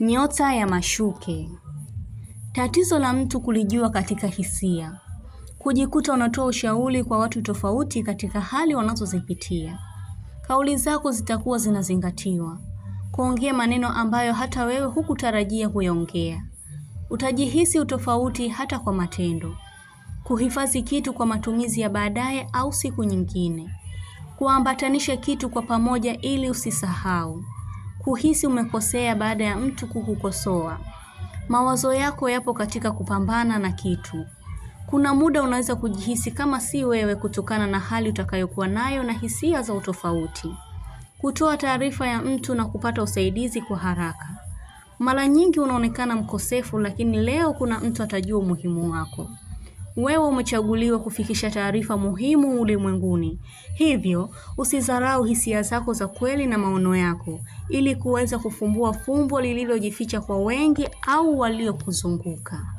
Nyota ya mashuke. Tatizo la mtu kulijua katika hisia, kujikuta unatoa ushauri kwa watu tofauti katika hali wanazozipitia. Kauli zako zitakuwa zinazingatiwa, kuongea maneno ambayo hata wewe hukutarajia kuyaongea. Utajihisi utofauti hata kwa matendo, kuhifadhi kitu kwa matumizi ya baadaye au siku nyingine, kuambatanisha kitu kwa pamoja ili usisahau kuhisi umekosea baada ya mtu kukukosoa. Mawazo yako yapo katika kupambana na kitu. Kuna muda unaweza kujihisi kama si wewe kutokana na hali utakayokuwa nayo na hisia za utofauti. Kutoa taarifa ya mtu na kupata usaidizi kwa haraka. Mara nyingi unaonekana mkosefu, lakini leo kuna mtu atajua umuhimu wako. Wewe umechaguliwa kufikisha taarifa muhimu ulimwenguni, hivyo usidharau hisia zako za kweli na maono yako ili kuweza kufumbua fumbo lililojificha kwa wengi au waliokuzunguka.